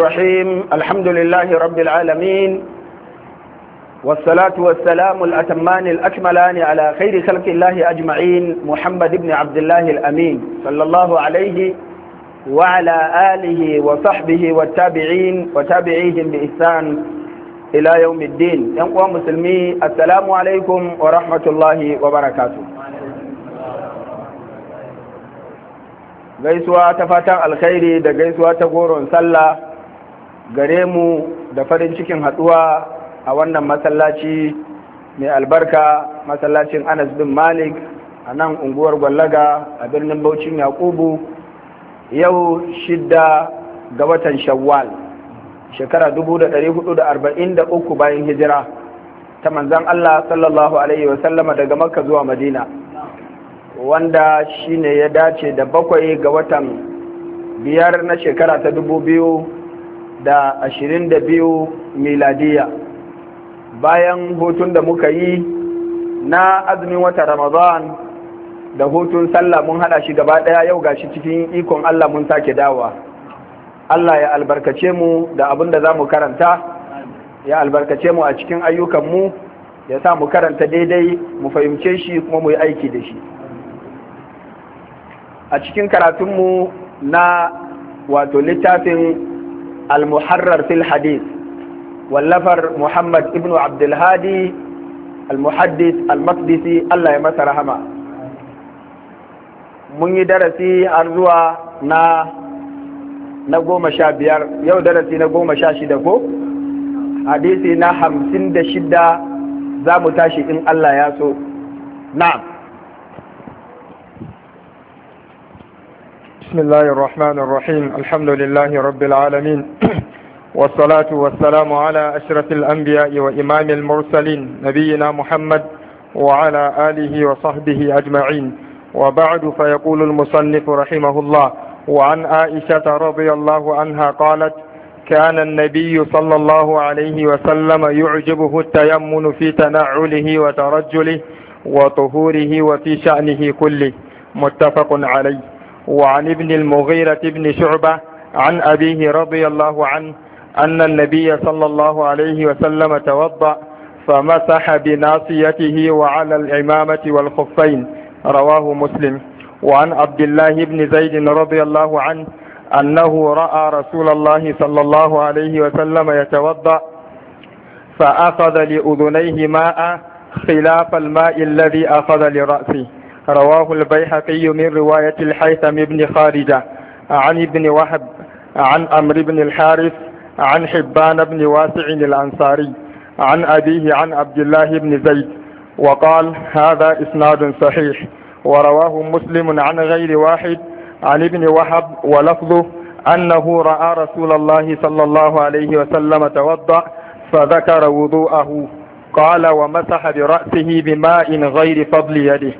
الرحيم الحمد لله رب العالمين والصلاة والسلام الأتمان الأكملان على خير خلق الله أجمعين محمد بن عبد الله الأمين صلى الله عليه وعلى آله وصحبه والتابعين وتابعيهم بإحسان إلى يوم الدين ينقوى مسلمي السلام عليكم ورحمة الله وبركاته gaisuwa ta fatan alkhairi da gaisuwa ta goron sallah gare mu da farin cikin haɗuwa a wannan masallaci mai albarka masallacin anas bin malik a nan unguwar gwallaga a birnin Bauchin yakubu yau shidda ga watan shawwal shekara 443 bayan hijira ta manzan allah sallallahu alaihi wasallama daga makka zuwa madina wanda shine ya dace da bakwai ga watan biyar na shekara ta dubu biyu da ashirin da biyu miladiya bayan hutun da muka yi na azumin wata ramadan da hutun sallah mun hada shi gaba daya yau gashi cikin ikon Allah mun sake dawa Allah ya albarkace mu da abin da za mu karanta ya albarkace mu a cikin ayyukanmu ya sa mu karanta daidai mu fahimce shi kuma mu yi aiki da shi a cikin karatunmu na wato littafin Almuharrar muharrar fil hadith wallafar muhammad ibnu abdulhadi Almuhaddis muhaddis allah ya masa rahama mun yi darasi har zuwa na goma sha biyar yau darasi na goma sha shida ko hadisi na hamsin da shida za mu tashi in allah ya so na'am بسم الله الرحمن الرحيم الحمد لله رب العالمين والصلاة والسلام على أشرف الأنبياء وإمام المرسلين نبينا محمد وعلى آله وصحبه أجمعين وبعد فيقول المصنف رحمه الله وعن عائشة رضي الله عنها قالت كان النبي صلى الله عليه وسلم يعجبه التيمن في تنعله وترجله وطهوره وفي شأنه كله متفق عليه وعن ابن المغيرة بن شعبة عن أبيه رضي الله عنه أن النبي صلى الله عليه وسلم توضأ فمسح بناصيته وعلى العمامة والخفين رواه مسلم وعن عبد الله بن زيد رضي الله عنه أنه رأى رسول الله صلى الله عليه وسلم يتوضأ فأخذ لأذنيه ماء خلاف الماء الذي أخذ لرأسه رواه البيحقي من رواية الحيثم بن خارجة عن ابن وهب عن أمر بن الحارث عن حبان بن واسع الأنصاري عن أبيه عن عبد الله بن زيد وقال هذا إسناد صحيح ورواه مسلم عن غير واحد عن ابن وهب ولفظه أنه رأى رسول الله صلى الله عليه وسلم توضأ فذكر وضوءه قال ومسح برأسه بماء غير فضل يده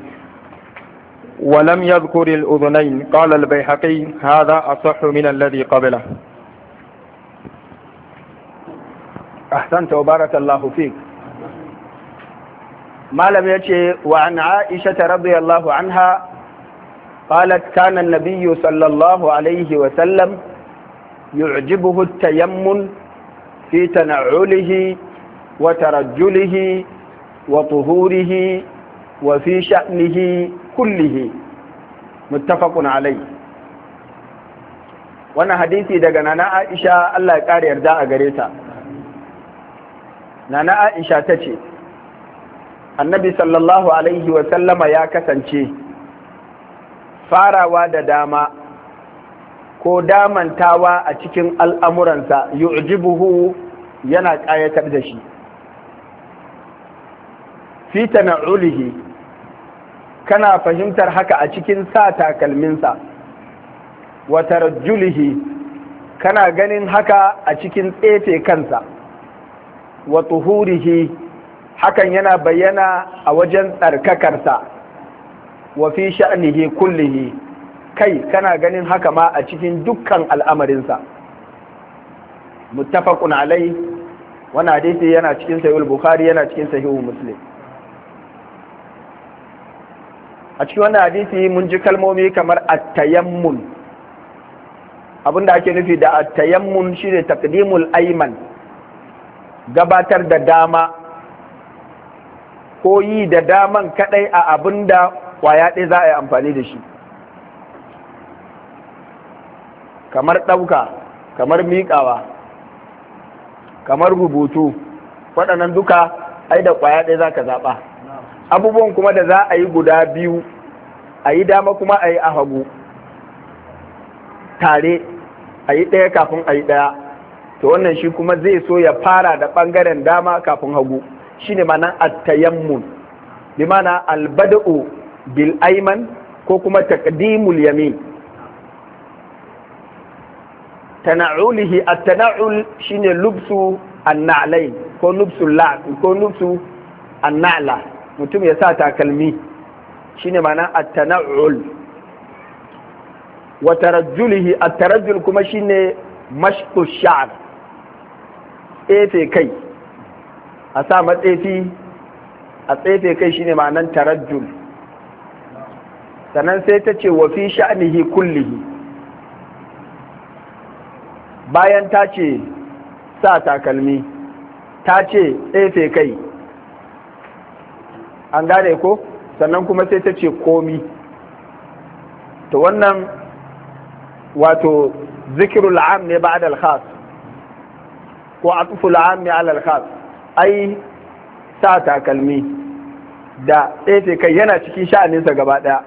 ولم يذكر الأذنين قال البيحقي هذا أصح من الذي قبله أحسنت وبارك الله فيك ما لم يأتي وعن عائشة رضي الله عنها قالت كان النبي صلى الله عليه وسلم يعجبه التيمم في تنعله وترجله وطهوره وفي شأنه kullihi muttafaqun alai wannan hadisi daga nana Aisha Allah ya kare yarda a gare ta nana Aisha ta ce annabi sallallahu alaihi wa sallama ya kasance farawa da dama ko damantawa a cikin al'amuransa yu'jibuhu yana ƙayatar da shi na tana'ulihi kana fahimtar haka a cikin sa takalminsa wa tarjulihi kana ganin haka a cikin tsefe kansa wa tuhurihi hakan yana bayyana a wajen tsarkakarsa wa fi sha'nihi kullihi kai kana ganin haka ma a cikin dukkan al'amarinsa muttafaqun alai wannan hadisi yana cikin sahihul bukhari yana cikin sahihul muslim a cikin wannan hadisi mun ji kalmomi kamar abin abinda ake nufi da attayammun shine taqdimul aiman, gabatar da dama ko yi da daman kadai a abinda kwaya ɗaya za a yi amfani da shi kamar ɗauka kamar miƙawa kamar rubutu waɗannan duka ai da kwaya ɗaya za ka zaɓa abubuwan kuma da za a yi guda biyu a yi dama kuma a yi a hagu tare a yi ɗaya kafin a yi ɗaya to wannan shi kuma zai so ya fara da ɓangaren dama kafin hagu shi ne manan attayammun bi mana albada'u bil aiman ko kuma takdimul yamin tana'ulihi a tanaul shine lubsu an ko lubsu la ko lubsu mutum ya sa takalmi shine ma'ana a tanaul wa tarajjulihi at-tarajjul kuma shine mashqu sha'r tsefe kai a sa matsefi a tsefe kai shine ma'anan tarajjul sannan sai ta ce wa fi sha'nihi kullihi bayan ta ce sa takalmi ta ce tsefe kai an gane ko sannan kuma sai ta ce komi to wannan wato zikirul am ne ba'da al-khas ko al am ne ala al-khas ai sa takalmi da tsaye kai yana cikin sha'aninsa gaba daya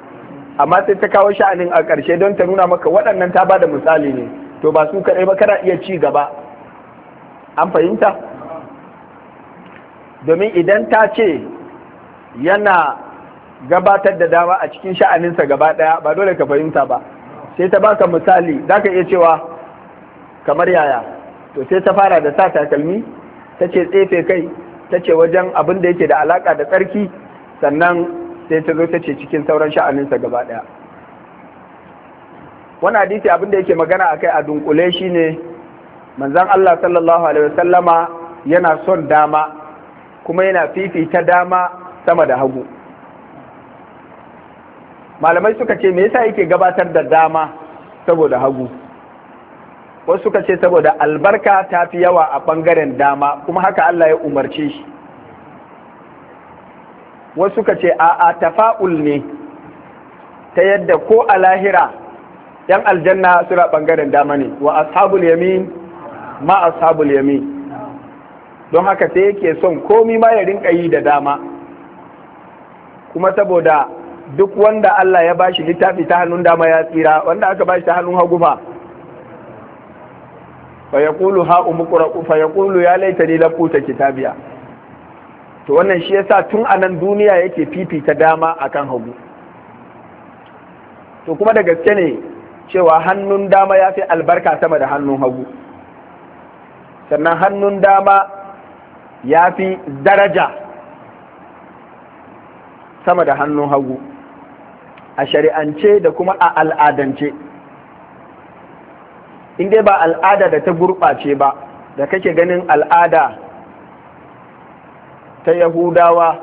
amma sai ta kawo sha'anin a ƙarshe don ta nuna maka waɗannan ta bada misali ne to ba su kaɗai ba kana iya ci gaba an fahimta domin idan ta ce yana gabatar da dama a cikin sha'aninsa gaba ɗaya ba dole ka fahimta ba sai ta baka misali za ka iya cewa kamar yaya to sai ta fara da sa takalmi ta ce tsefe kai ta ce wajen abin da yake da alaka da tsarki sannan sai ta zo ta ce cikin sauran sha'aninsa gaba ɗaya wani hadisi abin da yake magana akai a dunkule shine manzon Allah sallallahu alaihi wasallama yana son dama kuma yana fifita dama sama da hagu malamai suka ce me yasa yake gabatar da dama saboda hagu wasu suka ce saboda albarka ta fi yawa a ɓangaren dama kuma haka Allah ya umarce shi wasu suka ce a tafa'ul ne ta yadda ko a lahira yan aljanna suna ɓangaren dama ne wa ashabul yamin ma ashabul yamin don haka sai yake son komi ma ya rinka yi da dama kuma saboda duk wanda Allah ya bashi littafi ta hannun dama ya tsira wanda aka bashi ta hannun hagu fa fa ha'u ha umqra'u fa kulu ya laita ni lafuta kitabiya to wannan shi yasa tun a nan duniya yake fifita dama akan hagu to kuma da gaske ne cewa hannun dama ya fi albarka sama da hannun hagu sannan hannun dama ya fi daraja sama da hannun hagu a shari'ance da kuma a al'adance in dai ba al'ada da ta gurɓace ba da kake ganin al'ada ta yahudawa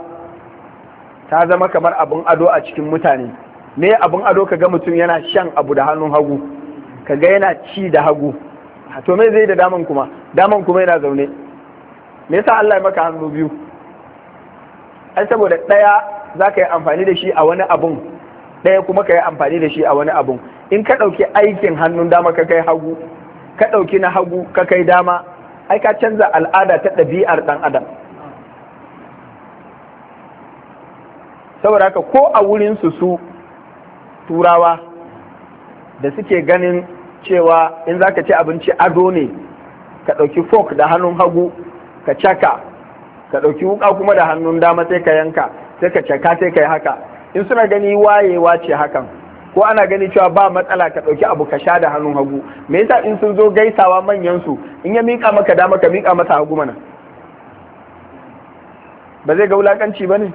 ta zama kamar abin ado a cikin mutane me abin ado ka ga mutum yana shan abu da hannun hagu ka ga yana ci da hagu to me zai da daman kuma daman kuma yana zaune me yasa Allah ya maka hannu biyu ai saboda ɗaya za ka yi amfani da shi a wani abun ɗaya kuma ka yi amfani da shi a wani abun in ka ɗauki aikin hannun dama ka kai hagu ka ɗauki na hagu ka kai dama ai ka canza al'ada ta ɗabi'ar ɗan adam saboda haka ko a wurinsu su turawa da suke ganin cewa in za ka ci abinci ado ne ka ɗauki fork da hannun hagu ka caka ka ɗauki wuka kuma da hannun dama sai ka yanka sai ka caka sai yi haka in suna gani wayewa ce hakan ko ana gani cewa ba matsala ka ɗauki abu ka sha da hannun hagu me yasa in sun zo gaisawa manyan su in ya miƙa maka dama ka mika masa hagu mana ba zai ga wulakanci ba ne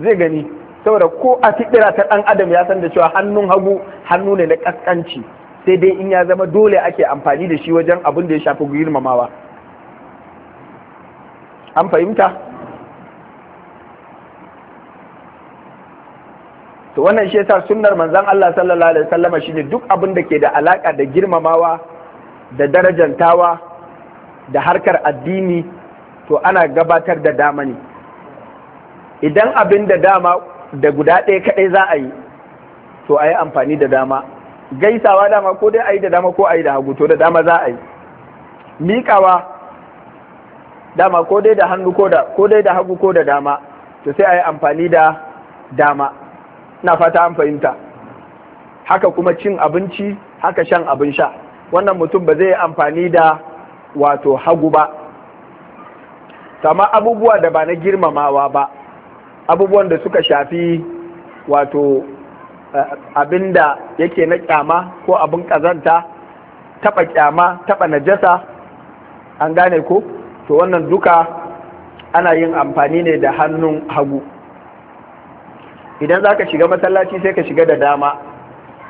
zai gani saboda ko a fiɗira ta ɗan adam ya san da cewa hannun hagu hannu ne na ƙasƙanci sai dai in ya zama dole ake amfani da shi wajen abin da ya shafi girmamawa an fahimta to wannan shi yasa sunnar manzon Allah sallallahu alaihi wasallama shine duk abin da ke da alaka da girmamawa da darajantawa da harkar addini to ana gabatar da dama ne idan abin da dama da guda ɗaya kaɗai za a yi to a yi amfani da dama gaisawa dama ko dai a yi da dama ko a yi da hagu to da dama za a yi miƙawa dama ko dai da hannu ko dai da hagu ko da dama to sai a yi amfani da dama na fata an fahimta haka kuma cin abinci haka shan abin sha wannan mutum ba zai amfani da wato hagu ba sama abubuwa da ba na girmamawa ba abubuwan da suka shafi wato eh, abin da yake na kyama ko abin kazanta taba kyama taba najasa an gane ko to wannan duka ana yin amfani ne da hannun hagu idan za ka shiga masallaci sai ka shiga da dama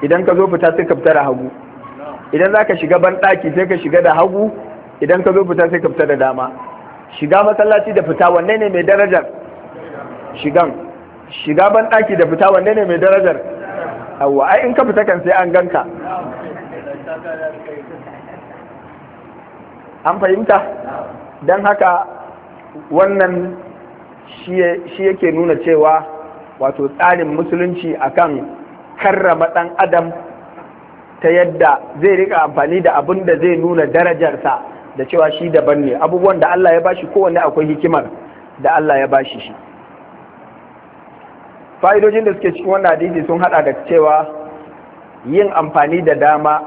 idan ka zo fita sai ka fita da hagu idan za ka shiga banɗaki sai ka shiga da hagu idan ka zo fita sai ka fita da dama shiga masallaci da fita wanne ne mai darajar shigan shiga banɗaki da fita wanne ne mai darajar awwa ai in ka fita kan sai an ganka an fahimta don haka wannan shi yake nuna cewa wato tsarin musulunci akan karrama ɗan adam ta yadda zai rika amfani da abin da zai nuna darajarsa da cewa shi daban ne abubuwan da Allah ya bashi kowanne akwai hikimar da Allah ya bashi shi fa'idojin da suke cikin wannan hadisi sun hada da cewa yin amfani da dama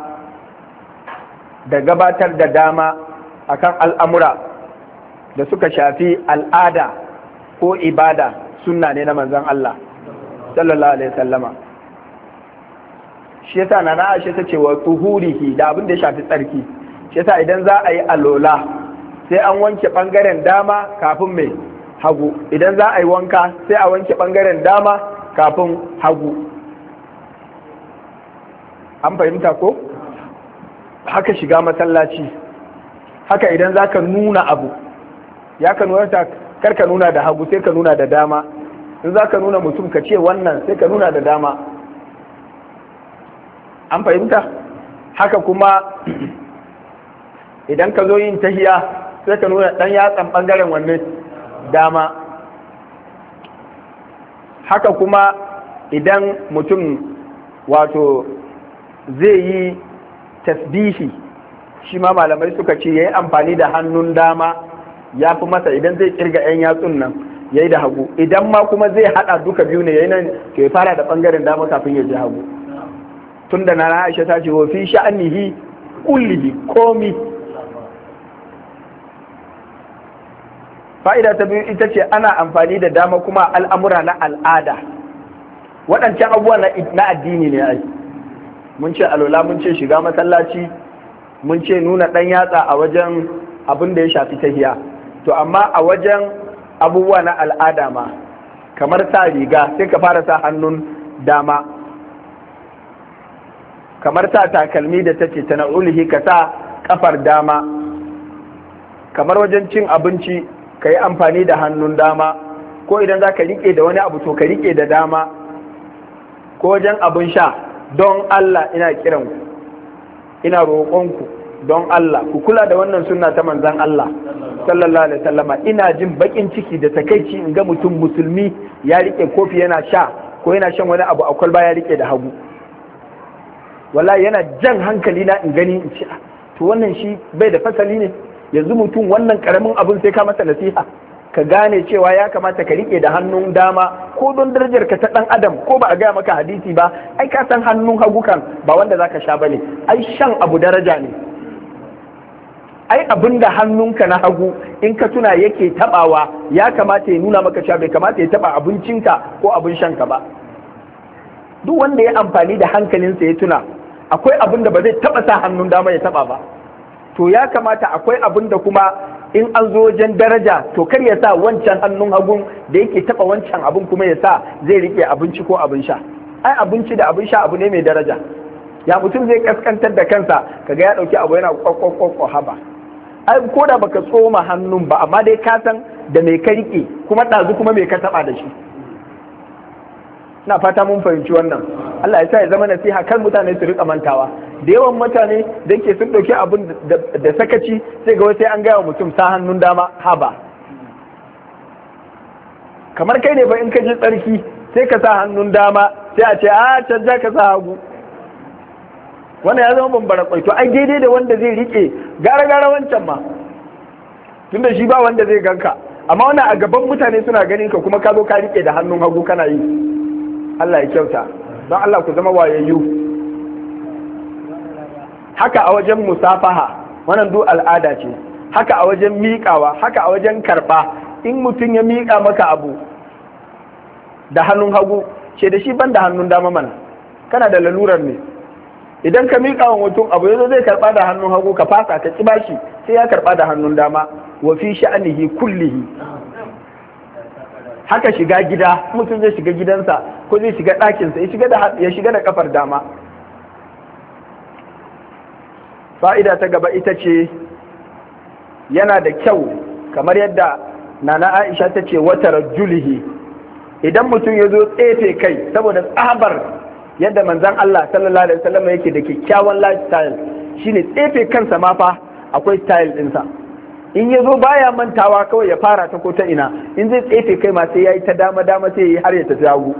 da gabatar da dama akan al'amura da suka shafi al'ada ko ibada sunna ne na manzan Allah sallallahu alaihi wasallama shi yasa na ashe ta ce wa tuhurihi da abin da ya shafi tsarki shi yasa idan za a yi alola sai an wanke bangaren dama kafin mai hagu idan za a yi wanka sai a wanke bangaren dama kafin hagu an fahimta ko haka shiga masallaci haka idan za ka nuna abu ya ka nuna kar ka nuna da hagu sai ka nuna da dama in za ka nuna mutum ka ce wannan sai ka nuna da dama an fahimta haka kuma idan ka zo yin tahiya sai ka nuna ɗan yatsan ɓangaren wanne dama haka kuma idan mutum wato zai yi tasbihi shi ma malamai suka ce ya yi amfani da hannun dama ya fi masa idan zai kirga 'yan yatsun nan ya yi da hagu idan ma kuma zai haɗa duka biyu ne ya yi nan to fara da bangaren dama kafin ya je hagu tun da na aisha ta ce fi sha'anihi kullihi komi fa'ida ta biyu ita ce ana amfani da dama kuma al'amura na al'ada waɗancan abubuwa na addini ne ai mun ce alola mun ce shiga masallaci mun ce nuna ɗan yatsa a wajen abin da ya shafi tahiya to amma a wajen abubuwa na al'ada ma kamar sa riga sai ka fara sa hannun dama kamar sa takalmi da take ta na'ulihi ka sa kafar dama kamar wajen cin abinci ka yi amfani da hannun dama ko idan za ka riƙe da wani abu to ka riƙe da dama ko wajen abin sha don Allah ina kiranku ina roƙonku don Allah ku kula da wannan sunna ta manzan Allah sallallahu alaihi wasallama ina jin bakin ciki da takaici in ga mutum musulmi ya rike kofi yana sha ko yana shan wani abu a kwalba ya rike da hagu wallahi yana jan hankali na in gani in ci. Ah, to wannan shi bai da fasali ne yanzu mutum wannan karamin abun sai ka masa nasiha ka gane cewa ya kamata ka rike da hannun dama ko don darajar ka ta dan adam ko ba a gaya maka hadisi ba ai ka san hannun hagu kan ba wanda zaka sha bane ai shan abu daraja ne ai abinda da hannunka na hagu in ka tuna yake tabawa ya kamata ya nuna maka cewa bai kamata ya taba abincinka ko abin shanka ba duk wanda ya amfani da hankalinsa ya tuna akwai abin da ba zai taba sa hannun dama ya taba ba to ya kamata akwai abin kuma in an zo wajen daraja to kar ya sa wancan hannun hagun da yake taba wancan abin kuma ya sa zai rike abinci ko abin sha ai abinci da abin sha abu ne mai daraja ya mutum zai kaskantar da kansa kaga ya dauki abu yana kwakwakwa haba ai ko da baka tsoma hannun ba amma dai ka san da mai ka rike kuma ɗazu kuma mai ka taɓa da shi na fata mun fahimci wannan Allah ya sa ya zama nasiha kan mutane su rika mantawa da yawan mutane da ke sun ɗauki abun da sakaci sai ga sai an gaya wa mutum sa hannun dama haba kamar kai ne fa in ka je tsarki sai ka sa hannun dama sai a ce a ah, za ka sa hagu wannan ya zama bambara kwai to ai daidai da wanda zai rike gara gara wancan ma tunda shi ba wanda zai ganka amma wannan a gaban mutane suna ganin ka kuma ka zo ka rike da hannun hagu kana yi Allah ya kyauta don Allah ku zama wayayyu haka a wajen musafaha wannan duk al'ada ce haka a wajen miƙawa haka a wajen karɓa in mutum ya miƙa maka abu da hannun hagu ce da shi ban da hannun dama mana kana da lalurar ne idan ka miƙa wa mutum abu yanzu zai karɓa da hannun hagu ka fasa ka ƙiba shi sai ya karɓa da hannun dama wa fi sha'anihi kullihi haka shiga gida mutum zai shiga gidansa ko zai shiga ɗakinsa ya shiga da ya kafar dama fa'ida ta gaba ita ce yana da kyau kamar yadda nana Aisha ta ce wata rajulihi idan mutum ya zo tsefe kai saboda tsabar yadda Manzan Allah sallallahu alaihi wasallam yake da kyakkyawan lifestyle shine tsefe kansa ma fa akwai style dinsa. in ya zo baya mantawa kawai ya fara ta ko ta ina in zai tsefe kai ma sai ya yi ta dama dama sai ya yi har ya tafi hagu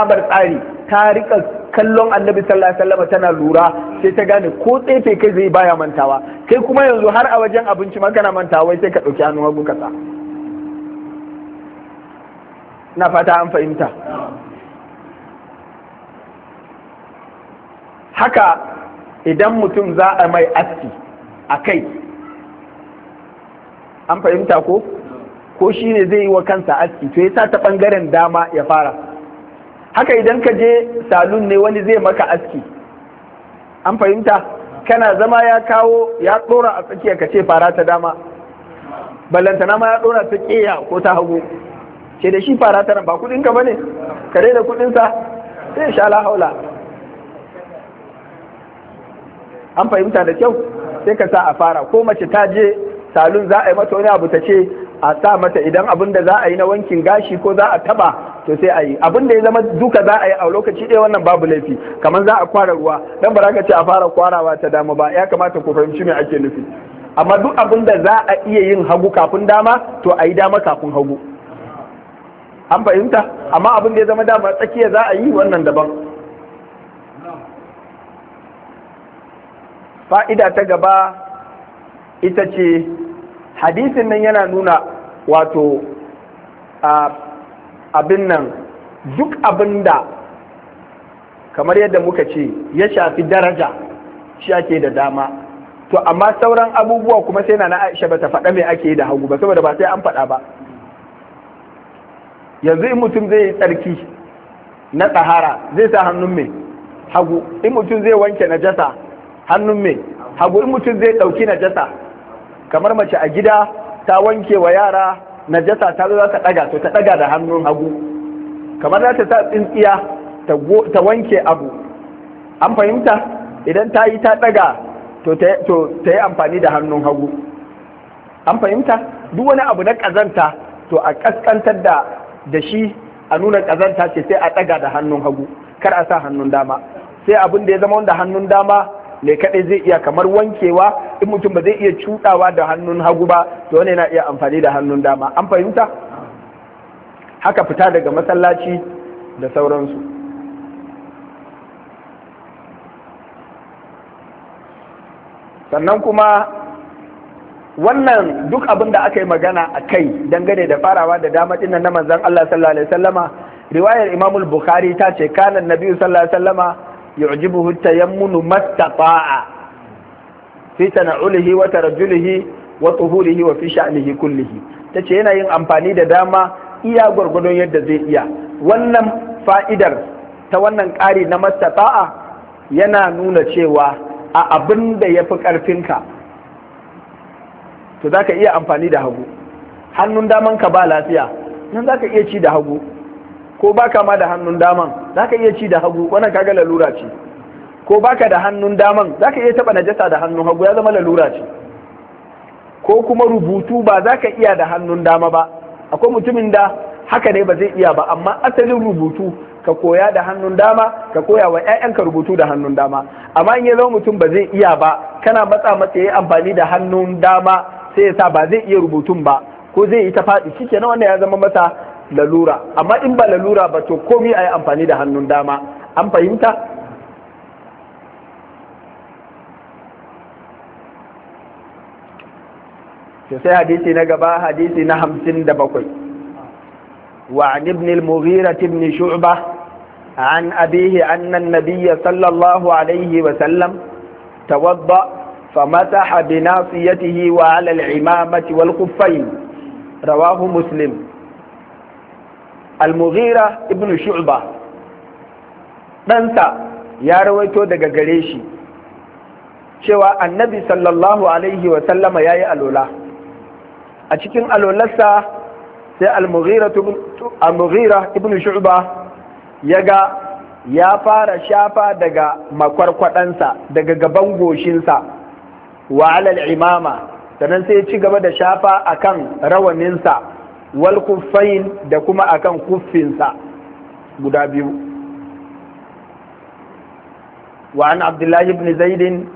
abar tsari ta rika kallon annabi sallallahu alaihi wasallam tana lura sai ta gane ko tsefe kai zai baya mantawa kai kuma yanzu har a wajen abinci ma kana mantawa sai ka dauki hannu hagu na fata an fahimta haka idan mutum za a mai aski a kai an fahimta ko ko shi ne zai yi wa kansa aski to ya sa ta ɓangaren dama ya fara haka idan ka je salun ne wani zai maka aski an fahimta kana zama ya kawo ya ɗora a tsakiya ka ce fara ta dama ballantana ma ya ɗora ta ƙeya ko ta hagu ce da shi fara ta ba kuɗinka ba ne ka da kuɗinsa sai sha la haula an fahimta da kyau sai ka sa a fara ko mace ta je salon za a yi mata wani abu ta ce a sa mata idan abin da za a yi na wankin gashi ko za a taba to sai a yi abin da ya zama duka za a yi a lokaci ɗaya wannan babu laifi kamar za a kwara ruwa dan ba ka ce a fara kwarawa ta dama ba ya kamata ku fahimci me ake nufi amma duk abin da za a iya yin hagu kafin dama to a yi dama kafin hagu an fahimta amma abin da ya zama dama tsakiya za a yi wannan daban fa'ida ta gaba ita ce hadisin nan yana nuna wato abin nan duk abin da kamar yadda muka ce ya shafi daraja shi ake da dama to amma sauran abubuwa kuma sai na na aisha ba ta faɗa mai ake da hagu ba saboda ba sai an faɗa ba yanzu in mutum zai yi tsarki na tsahara zai sa hannun mai hagu in mutum zai wanke na jasa. hannun mai hagu in mutum zai ɗauki najasa kamar mace a gida ta wanke wa yara najasa ta zo za ta ɗaga to ta ɗaga da hannun hagu kamar za ta sa tsintsiya ta wanke abu an fahimta idan ta yi ta ɗaga to ta yi amfani da hannun hagu an fahimta duk wani abu na ƙazanta to a ƙasƙantar da da shi a nuna ƙazanta ce sai a ɗaga da hannun hagu kar a sa hannun dama sai abin da ya zama wanda hannun dama ne kadai zai iya kamar wankewa in mutum ba zai iya cudawa da hannun hagu ba to wani yana iya amfani da hannun dama an fahimta haka fita daga masallaci da sauransu sannan kuma wannan duk abin da aka yi magana a kai dangane da farawa da dama dinnan na manzan Allah sallallahu alaihi wasallama riwayar Imamul Bukhari ta ce kanan Nabi sallallahu alaihi wasallama yu'jibuhu tayammunu mastata'a fi tana'ulihi wa tarajjulihi wa tuhurihi wa fi sha'nihi tace yana yin amfani da dama iya gwargwadon yadda zai iya wannan fa'idar ta wannan ƙari na mastata'a yana nuna cewa a abin da ya fi ƙarfinka to za ka iya amfani da hagu hannun daman ka ba lafiya nan za ka iya ci da hagu ko baka ma da hannun daman zaka iya ci da hagu wannan kaga lalura ce ko baka da hannun daman zaka iya taba najasa da hannun hagu ya zama lalura ce ko kuma rubutu ba zaka iya da hannun dama ba akwai mutumin da haka ne ba zai iya ba amma asalin rubutu ka koya da hannun dama ka koya wa 'ya'yanka rubutu da hannun dama amma in ya zama mutum ba zai iya ba kana matsa matsa ya amfani da hannun dama sai ya sa ba zai iya rubutun ba ko zai yi ta faɗi shikenan wannan ya zama masa lalura amma in ba lalura ba to komi a yi amfani da hannun dama an fahimta sai hadisi na gaba hadisi na hamsin da bakwai وعن ابن المغيرة بن شعبة عن أبيه أن النبي صلى الله عليه وسلم توضأ فمسح بناصيته وعلى العمامة والخفين رواه مسلم al-mughira ibn shu'ba ɗansa ya rawaito daga gare shi cewa annabi sallallahu alaihi wa sallama yayi alola a cikin alolarsa sai al-mughira ibn shu'ba ya ga ya fara shafa daga makwarkwadansa daga gaban goshinsa wa alal imama sannan sai ya ci gaba da shafa akan rawaninsa والكفين دكما أكان كفين سا بدابيو وعن عبد الله بن زيد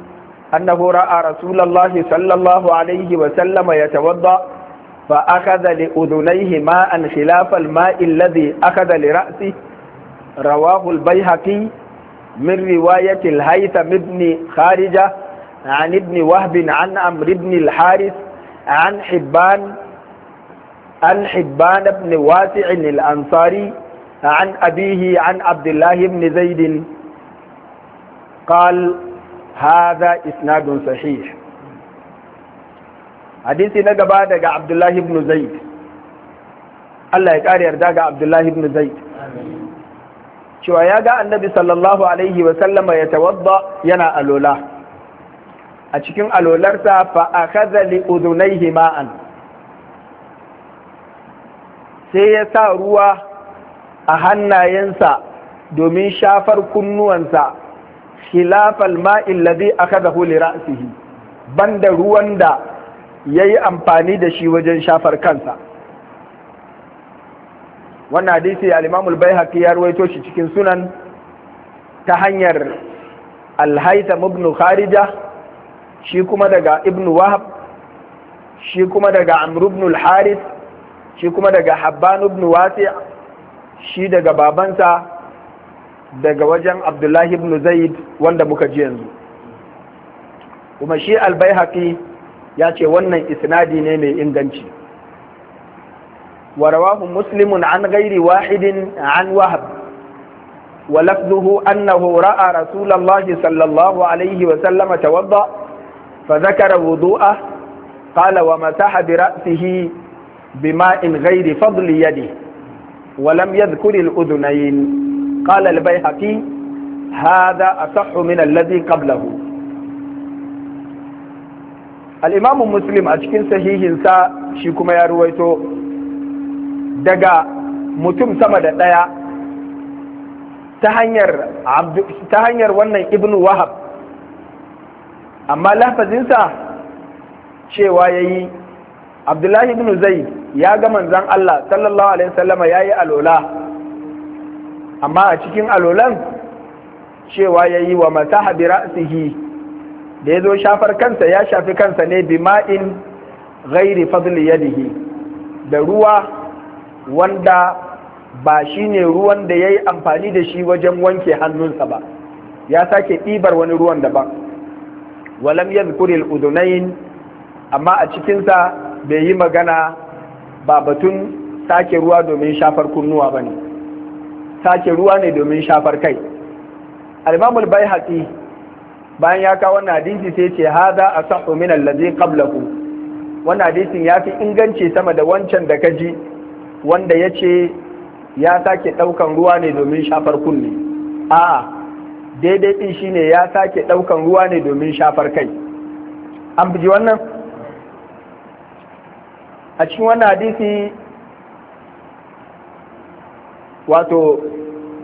أنه رأى رسول الله صلى الله عليه وسلم يتوضأ فأخذ لأذنيه ماء خلاف الماء الذي أخذ لرأسه رواه البيهقي من رواية الهيثم بن خارجة عن ابن وهب عن أمر بن الحارث عن حبان an hibban ibn wasi'in al-ansari an abihi an abdullah ibn zaid qal hadha isnadun sahih hadisi na gaba daga abdullah zaid Allah ya kare yarda ga abdullah zaid cewa ya ga annabi sallallahu alaihi wasallama ya tawadda yana alola a cikin alolarsa fa akhadha li udhunayhi ma'an sai ya sa ruwa a hannayensa domin shafar kunnuwansa khilafal ma'il ladhi akhadahu li ra'sihi banda ruwan da yayi amfani da shi wajen shafar kansa wannan hadisi al-Imam al-Baihaqi ya ruwaito shi cikin sunan ta hanyar al-Haytham ibn Kharija shi kuma daga Ibn Wahab shi kuma daga Amr ibn al-Harith shi kuma daga habban ibn wasi shi daga babansa daga wajen abdullahi ibn zaid wanda muka ji yanzu kuma shi albaihaqi ya ce wannan isnadi ne mai inganci ورواه muslimun an غير wa lafzuhu وهب ولفظه أنه رأى رسول الله صلى الله عليه وسلم توضأ فذكر وضوءه قال ومسح برأسه بماء غير فضل يده ولم يذكر الأذنين قال البيهقي هذا أصح من الذي قبله الإمام مسلم أشكين صحيح سا شيكما يا رويتو دقا متم سمد ديا تهنير عبد تهنير ونن ابن وهب أما لفظ إنسا شيء وايي عبد الله بن زيد ya ga manzan Allah sallallahu alaihi wasallama ya yi alola amma a cikin alolan cewa ya yi wa mataha bi ra'sihi da ya zo shafar kansa ya shafi kansa ne bi ma'in ghairi fadli yadihi da ruwa wanda ba shine ruwan da ya yi amfani da shi wajen wanke hannunsa ba ya sake ɗibar wani ruwan daban walam yadhkuril udunain amma a cikinsa bai yi magana ba batun sake ruwa domin shafar kunnuwa ba ne sake ruwa ne domin shafar kai alimamul bai haƙi bayan ya kawo wannan hadisi sai ce haza a sa'o min allazi ku. wannan hadisin ya fi inganci sama da wancan da kaji wanda ya ce ya sake ɗaukan ruwa ne domin shafar kunne a'a daidai ɗin shine ya sake ɗaukan ruwa ne domin shafar kai an ji wannan a cikin wannan hadisi wato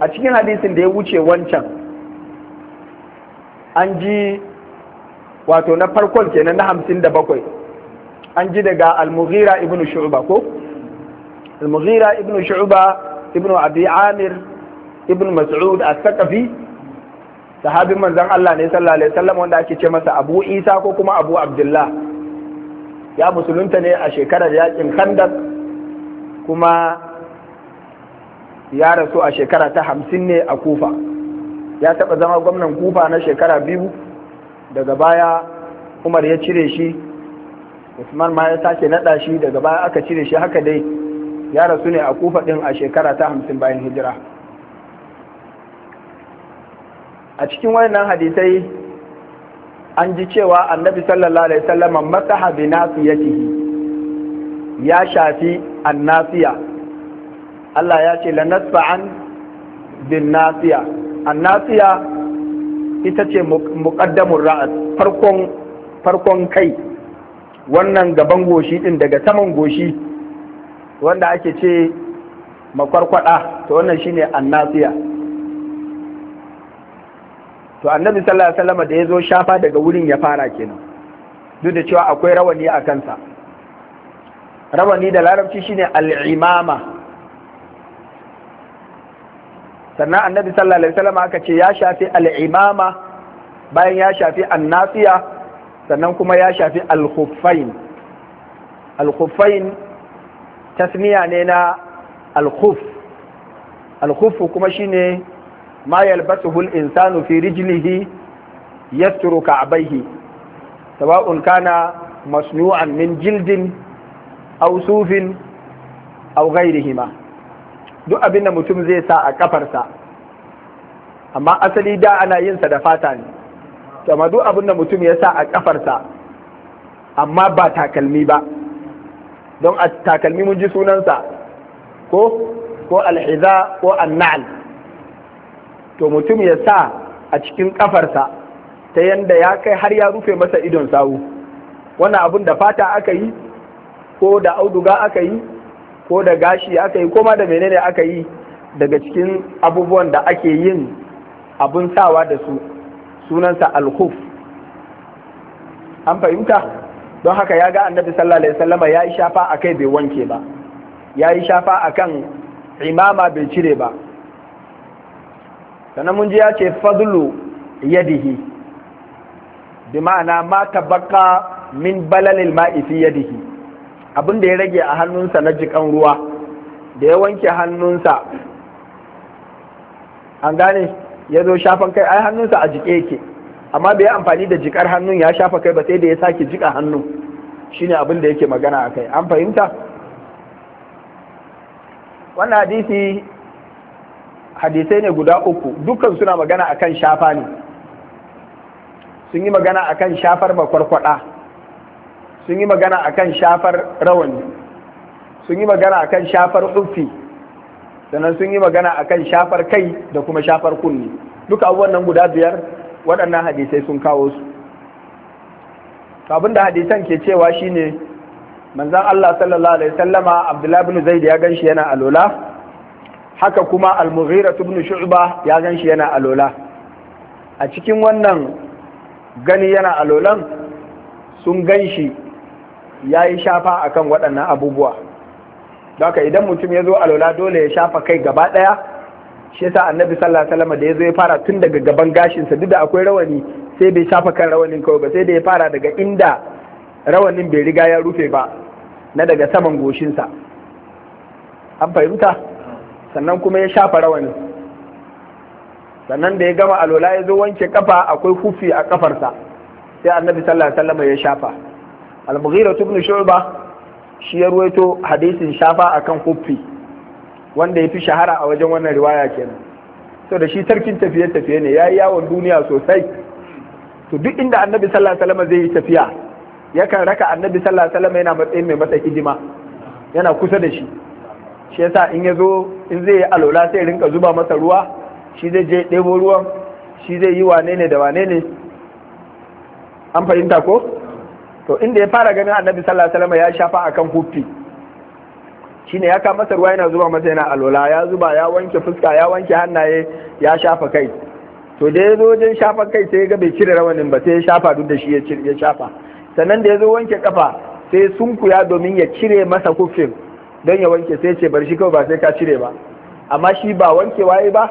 a cikin hadisin da ya wuce wancan an ji wato na farkon kenan na hamsin da bakwai an ji daga al ibn shu'ba ko al ibn shu'ba ibn abi amir ibn mas'ud as-saqafi sahabin manzon Allah ne sallallahu alaihi wasallam wanda ake ce masa Abu Isa ko kuma Abu Abdullah ya musulunta ne a shekarar yakin kandak kuma ya rasu a shekara ta hamsin ne a kufa ya taɓa zama gwamnan kufa na shekara biyu daga baya umar ya cire shi usman ma ya sake naɗa shi daga baya aka cire shi haka dai ya rasu ne a kufa ɗin a shekara ta hamsin bayan hijira a cikin wannan hadisai an ji cewa annabi sallallahu alaihi wasallam masaha bi nasiyatihi ya shafi annasiya Allah ya ce lanasfa'an bin nasiya annasiya ita ce muqaddamur ra'as farkon farkon kai wannan gaban goshi din daga saman goshi wanda ake ce makwarkwada to wannan shine annasiya to annabi sallallahu alaihi wasallam da ya zo shafa daga wurin ya fara kenan duk da cewa akwai rawani a kansa rawani da larabci shine imama sannan annabi sallallahu alaihi wasallam aka ce ya shafi al'imama bayan ya shafi annasiya sannan kuma ya shafi al-khuffain al-khuffain tasmiya ne na al-khuff al-khuff kuma shine ma yalbasuhu al-insanu fi rijlihi yasturu ka'bayhi sawa'un kana masnu'an min jildin aw sufin aw ghayrihima duk abin da mutum zai sa a kafarsa amma asali da ana yinsa da fata ne to amma mutum ya sa a kafarsa amma ba takalmi ba don a takalmi mun ji sunansa ko ko alhiza ko annal to mutum ya sa a cikin kafarsa ta yadda ya kai har ya rufe masa idon sawu wannan abun da fata aka yi ko da auduga aka yi ko da gashi aka yi ko ma da menene aka yi daga cikin abubuwan da ake yin abun sawa da su sunansa alhuf an fahimta don haka ya ga annabi sallallahu alaihi wasallama ya yi shafa a kai bai wanke ba ya yi shafa a kan imama bai cire ba sannan mun ji ya ce fadlu yadihi bi ma'ana ma tabaka min balalil ma'i fi yadihi abin da ya rage a hannunsa na jikan ruwa da ya wanke hannunsa an gane ya zo shafan kai ai hannunsa a jike yake amma bai amfani da jikar hannun ya shafa kai ba sai da ya sake jika hannun shine abin da yake magana a kai an fahimta wannan hadisi hadisai ne guda uku dukkan suna magana akan shafa ne sun yi magana akan shafar makwarkwada sun yi magana akan shafar rawani sun yi magana akan shafar tsufi sannan sun yi magana akan shafar kai da kuma shafar kunni duka abubuwan nan guda biyar waɗannan hadisai sun kawo su abin da hadisan ke cewa shine manzan Allah sallallahu alaihi wasallama Abdullahi bin Zaid ya ganshi yana alola haka kuma al-mughira ibn shu'ba ya ganshi yana alola a cikin wannan gani yana alolan sun ganshi yayi shafa akan waɗannan abubuwa haka idan mutum ya zo alola dole ya shafa kai gaba ɗaya shi yasa annabi sallallahu alaihi wasallam da ya zo ya fara tun daga gaban gashinsa duk da akwai rawani sai bai shafa kan rawanin kawai ba sai da ya fara daga inda rawanin bai riga ya rufe ba na daga saman goshinsa an fahimta sannan kuma ya shafa rawani. sannan da ya gama alola ya zo wanke kafa akwai hufi a kafarsa sai annabi sallallahu alaihi wasallam ya shafa al-mughira ibn shu'ba shi ya ruwaito hadisin shafa akan hufi wanda ya fi shahara a wajen wannan riwaya kenan so da shi tarkin tafiye tafiye ne yayi yawon duniya sosai to duk inda annabi sallallahu alaihi wasallam zai yi tafiya yakan raka annabi sallallahu alaihi wasallam yana matsayin mai masa hidima yana kusa da shi shi yasa in ya zo in zai yi alola sai rinka zuba masa ruwa shi zai je ɗebo ruwan shi zai yi wane ne da wane ne an fahimta ko to inda ya fara ganin annabi sallallahu alaihi wasallam ya shafa akan huffi shine ya kama masa ruwa yana zuba masa yana alola ya zuba ya wanke fuska ya wanke hannaye ya shafa kai to da ya zo wajen shafa kai sai ga bai cire rawanin ba sai ya shafa duk da shi ya shafa sannan da ya zo wanke kafa sai sunkuya domin ya cire masa hufin don ya wanke sai ce bar shi kawai ba sai ka cire ba amma shi ba wanke waye ba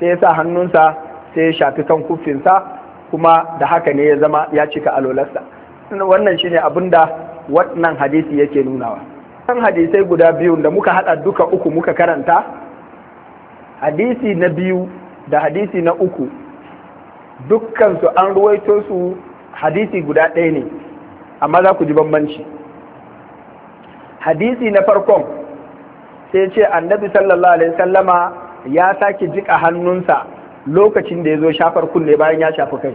sai ya sa hannunsa sai ya shafi kan kufinsa kuma da haka ne ya zama ya cika alolarsa wannan shine abin da wannan hadisi yake nunawa kan hadisai guda biyu da muka hada duka uku muka karanta hadisi na biyu da hadisi na uku dukkansu an ruwaito su hadisi guda ɗaya ne amma za ku ji bambanci hadisi na farkon sai ce annabi sallallahu alaihi sallama ya sake jika hannunsa lokacin da ya zo shafar kunne bayan ya shafi kai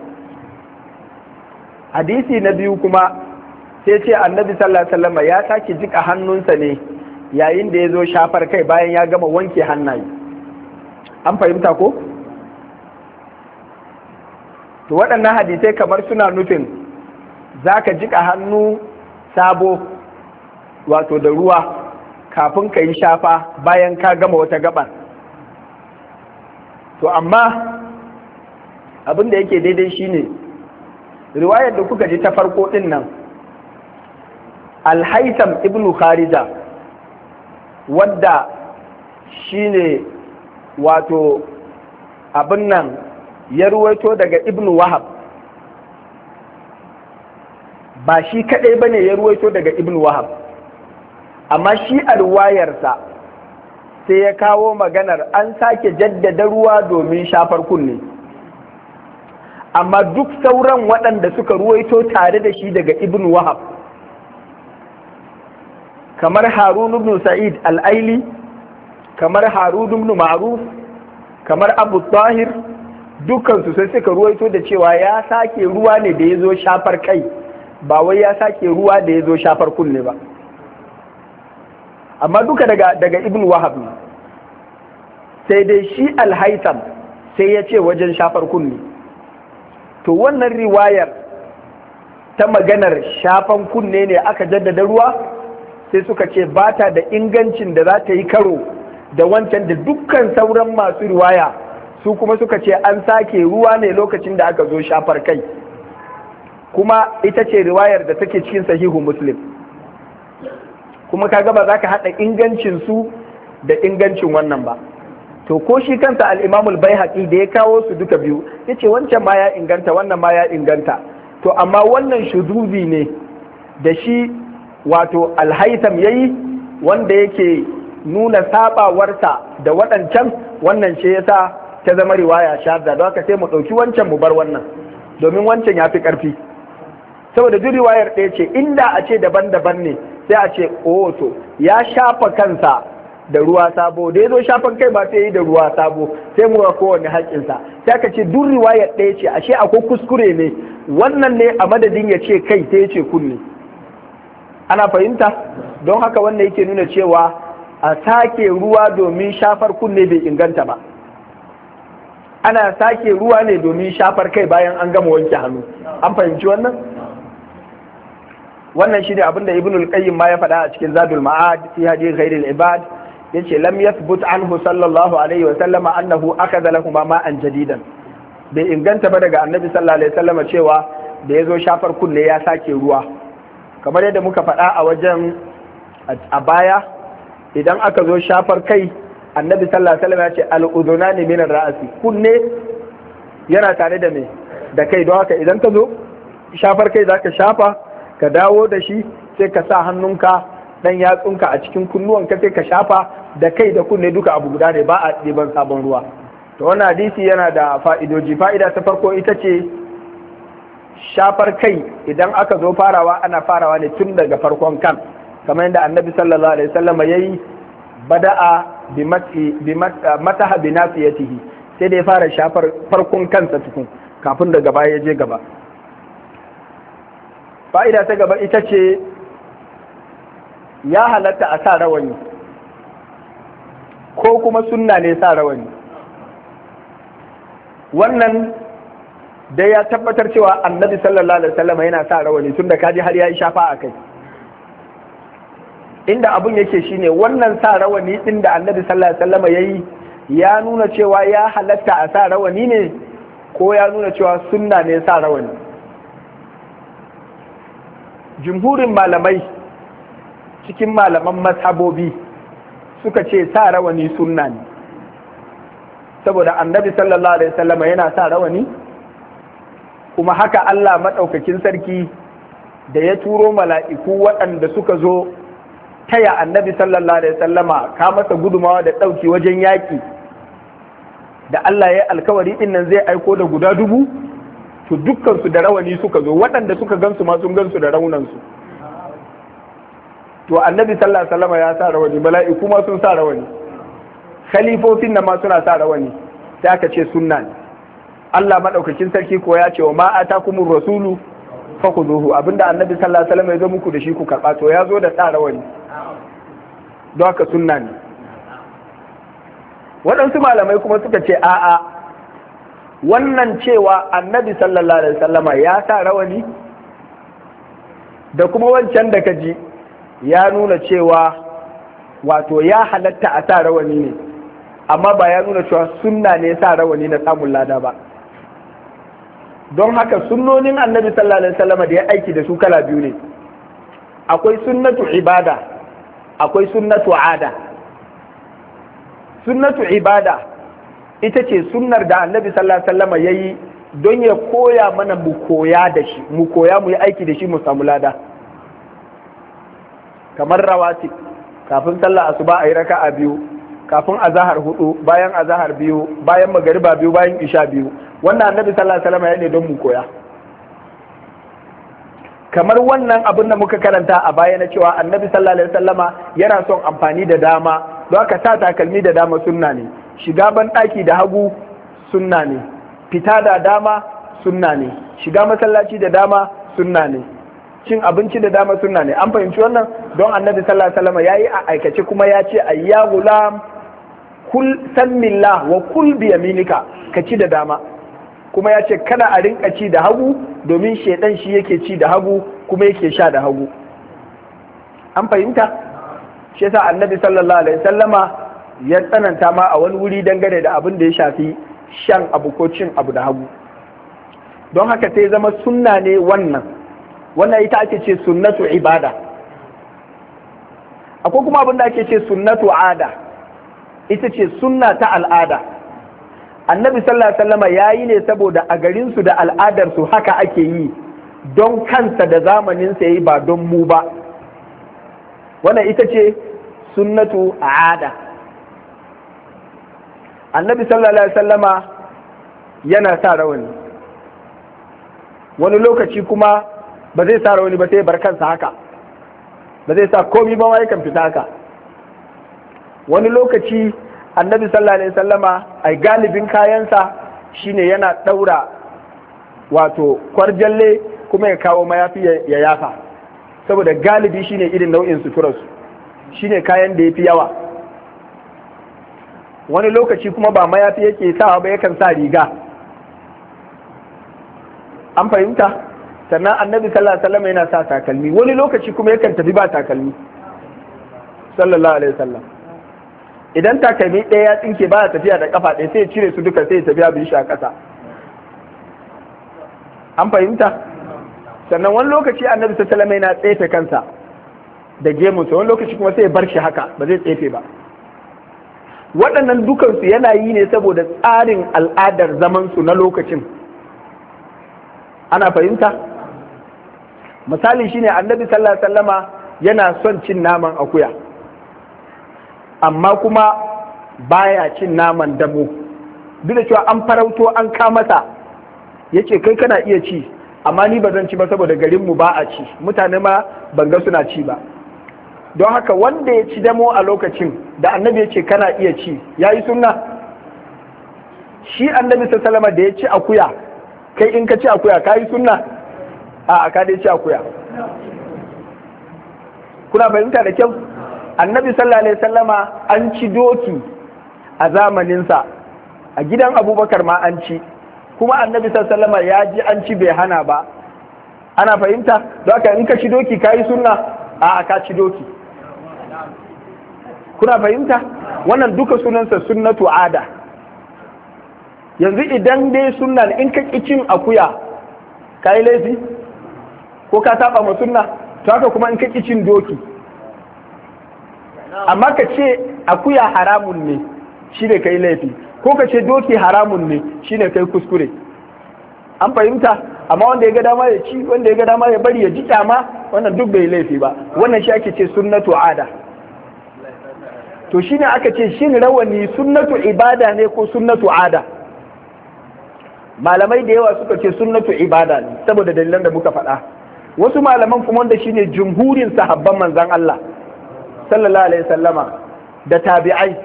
hadisi na biyu kuma sai ce annabi sallallahu alaihi sallama ya sake jika hannunsa ne yayin da ya zo shafar kai bayan ya gama wanke hannaye an fahimta ko to waɗannan hadisai kamar suna nufin za ka jika hannu sabo wato da ruwa kafin ka yi shafa bayan ka gama wata gabar to amma abin da yake daidai shine riwayar da kuka ji ta farko din nan alhaitam ibn kharija wadda shine wato abin nan ya ruwaito daga ibn wahab ba shi kadai bane ya ruwaito daga ibn wahab amma shi alwayarsa sai ya kawo maganar an sake jaddada ruwa domin shafar kunne amma duk sauran waɗanda suka ruwaito tare da shi daga ibn wahab kamar harun ibn sa'id al'aili kamar harun ibn ma'ruf kamar abu tahir dukansu sai suka ruwaito da cewa ya sake ruwa ne da ya zo shafar kai ba wai ya sake ruwa da ya zo shafar kunne ba amma duka daga daga ibn wahab ne sai dai shi alhaitam sai ya ce wajen shafar kunni to wannan riwayar ta maganar shafan kunne ne aka jaddada ruwa sai suka ce ba ta da ingancin da za ta yi karo da wancan da dukkan sauran masu riwaya su kuma suka ce an sake ruwa ne lokacin da aka zo shafar kai kuma ita ce riwayar da take cikin sahihu muslim kuma ka gaba za ka haɗa ingancinsu da ingancin wannan ba to ko shi kansa Al'imamul bai haƙi da ya kawo su duka biyu ce wancan ma ya inganta wannan ma ya inganta to amma wannan zuzi ne da shi wato alhaitam yi wanda yake nuna sabawarsa da waɗancan wannan shi sa ta zama riwaya shadda don haka sai mu ɗauki wancan mu bar wannan domin wancan ya fi ƙarfi saboda duk riwayar ɗaya ce inda a ce daban-daban ne sai a ce oh to ya shafa kansa da ruwa sabo da ya zo shafan kai ba sai yi da ruwa sabo sai mu ga kowane haƙƙinsa sai aka ce duk riwayar ɗaya ce ashe akwai kuskure ne wannan ne a madadin ya ce kai ta ce kunne ana fahimta don haka wannan yake nuna cewa a sake ruwa domin shafar kunne bai inganta ba ana sake ruwa ne domin shafar kai bayan an gama wanke hannu an fahimci wannan wannan shi ne abin da al qayyim ma ya faɗa a cikin zadul ma'ad fi hadi al ibad yace lam yathbut anhu sallallahu alaihi wa sallam annahu akadha lahum an jadidan bai inganta ba daga annabi sallallahu alaihi wasallama cewa da ya shafar kunne ya sake ruwa kamar yadda muka faɗa a wajen a baya idan aka zo shafar kai annabi sallallahu alaihi wasallam ya ce al ne min ra'asi kunne yana tare da me da kai don haka idan ka zo shafar kai zaka shafa ka dawo da shi sai ka sa hannunka dan yatsunka a cikin kunnuwanka sai ka shafa da kai da kunne duka abu guda ne ba a ɗiban sabon ruwa to wannan hadisi yana da fa'idoji fa'ida ta farko ita ce shafar kai idan aka zo farawa ana farawa ne tun daga farkon kan kamar yadda annabi sallallahu alaihi wasallam yayi bada'a bi mataha bi tihi, sai da ya fara shafar farkon kansa tukun kafin daga baya ya je gaba fa'ida ta gaba ita ce ya halatta a sa rawani ko kuma sunna ne sa rawani wannan dai ya tabbatar cewa annabi sallallahu alaihi wasallam yana sa rawani tunda kaji har ya yi shafa a kai inda abun yake shine wannan sa rawani din da annabi sallallahu alaihi wasallam yayi ya nuna cewa ya halatta a sa rawani ne ko ya nuna cewa sunna ne sa rawani jumhurin malamai cikin malaman mazhabobi suka ce sa rawani sunna ne saboda annabi sallallahu alaihi wasallam yana sa rawani kuma haka Allah madaukakin sarki da ya turo mala'iku waɗanda suka zo taya annabi sallallahu alaihi wasallama ka masa gudumawa da ɗauki wajen yaƙi da Allah ya alkawari innan zai aiko da guda dubu su dukkan su da rawani suka zo waɗanda suka gansu ma sun gansu da raunan su to annabi sallallahu alaihi wasallam ya sa rawani mala'iku ma sun sa rawani khalifofin nan ma suna sa rawani sai aka ce sunna ne Allah madaukakin sarki ko ya ce wa ma atakumur rasulu fakhuduhu abinda annabi sallallahu alaihi wasallam ya zo muku da shi ku karba to ya zo da sa rawani don haka sunna ne waɗansu malamai kuma suka ce a'a wannan cewa annabi sallallahu alaihi wasallama ya sa rawani da kuma wancan da ka ji ya nuna cewa wato ya halatta a sa rawani ne amma ba ya nuna cewa sunna ne sa rawani na samun lada ba don haka sunnonin annabi sallallahu alaihi wasallama da ya aiki da su kala biyu ne akwai sunnatu ibada akwai sunnatu ada sunnatu ibada ita ce sunnar da annabi sallallahu alaihi wasallam yayi don ya koya mana mu koya da shi mu koya mu yi aiki da shi mu samu lada kamar rawati kafin sallah asuba a yi raka'a biyu kafin azahar hudu bayan azahar biyu bayan magariba biyu bayan isha biyu wannan annabi sallallahu alaihi wasallam ya ne don mu koya kamar wannan abin da muka karanta a baya na cewa annabi sallallahu alaihi wasallama yana son amfani da dama don haka sa takalmi da dama sunna ne shiga banɗaki da hagu suna ne fita da dama sunna ne shiga masallaci da dama sunna ne cin abinci da dama suna ne an fahimci wannan don annabi sallallahu alaihi wasallam yayi a aikace kuma ya ce ayya gulam kul sammillah wa kul bi yaminika ka ci da dama kuma ya ce kada a rinka ci da hagu domin shaidan shi yake ci da hagu kuma yake sha da hagu an fahimta shi yasa annabi sallallahu alaihi wasallama ya tsananta ma a wani wuri dangane da abin da ya shafi shan abu ko cin abu da hagu don haka sai zama sunna ne wannan wannan ita ake ce sunnatu ibada akwai kuma abin da ake ce sunnatu ada ita ce sunna ta al'ada annabi sallallahu alaihi wasallama yayi ne saboda a garinsu da al'adarsu haka ake yi don kansa da zamaninsa ya yi ba don mu ba wannan ita ce sunnatu aada. annabi sallallahu alaihi wasallama yana sa rawani wani lokaci kuma ba zai sa rawani ba sai bar kansa haka ba zai sa komi ba wai kan fita haka wani lokaci annabi sallallahu alaihi wasallama ai galibin kayansa shine yana daura wato kwarjalle kuma ya kawo mayafi ya yafa saboda galibi shine irin nau'in suturarsu shine kayan da ya fi yawa wani lokaci kuma ba mayafi yake sawa ba yakan sa riga an fahimta sannan annabi sallallahu alaihi wasallam yana sa takalmi wani lokaci kuma yakan tafi ba takalmi sallallahu alaihi wasallam idan takalmi ɗaya ya tsinke ba tafiya da kafa ɗaya sai ya cire su duka sai ya tafiya bi shi a ƙasa an fahimta sannan wani lokaci annabi sallallahu alaihi wasallam yana tsefe kansa da gemunsa wani lokaci kuma sai ya bar shi haka ba zai tsefe ba waɗannan dukansu yana yi ne saboda tsarin al'adar zamansu na lokacin ana fahimta misali shine annabi sallallahu alaihi wasallama yana son cin naman akuya amma kuma baya cin naman dabo duk da cewa an farauto an kamata ya ce kai kana iya ci amma ni ba zan ci ba saboda garinmu ba a ci mutane ma ban ga suna ci ba don haka wanda ya ci damo a lokacin da annabi ya ce kana iya ci ya yi sunna shi annabi sa salama da ya ci akuya kai in ka ci akuya ka yi sunna a ka ya ci akuya kuna fahimta da kyau annabi sallallahu alaihi sallama an ci doki a zamaninsa a gidan abubakar ma an ci kuma annabi sallama ya ji an ci bai hana ba ana fahimta don haka in ka ci doki ka yi sunna a ka ci doki kuna fahimta wannan duka sunansa sunnatu ada yanzu idan dai sunan in ka cin akuya ka yi laifi ko ka saba ma sunna to haka kuma in ka cin doki amma ka ce akuya haramun ne shi ne ka yi laifi ko ka ce doki haramun ne shi ne ka yi kuskure an fahimta amma wanda ya ga dama ya ci wanda ya ga dama ya bari ya ji ma, wannan duk bai laifi ba wannan shi ake ce sunnatu ada to shine aka ce shin rawani sunnatu ibada ne ko sunnatu ada malamai da yawa suka ce sunnatu ibada ne saboda dalilan da muka faɗa wasu malaman kuma wanda shine jumhurin sahabban manzan Allah sallallahu alaihi sallama da tabi'ai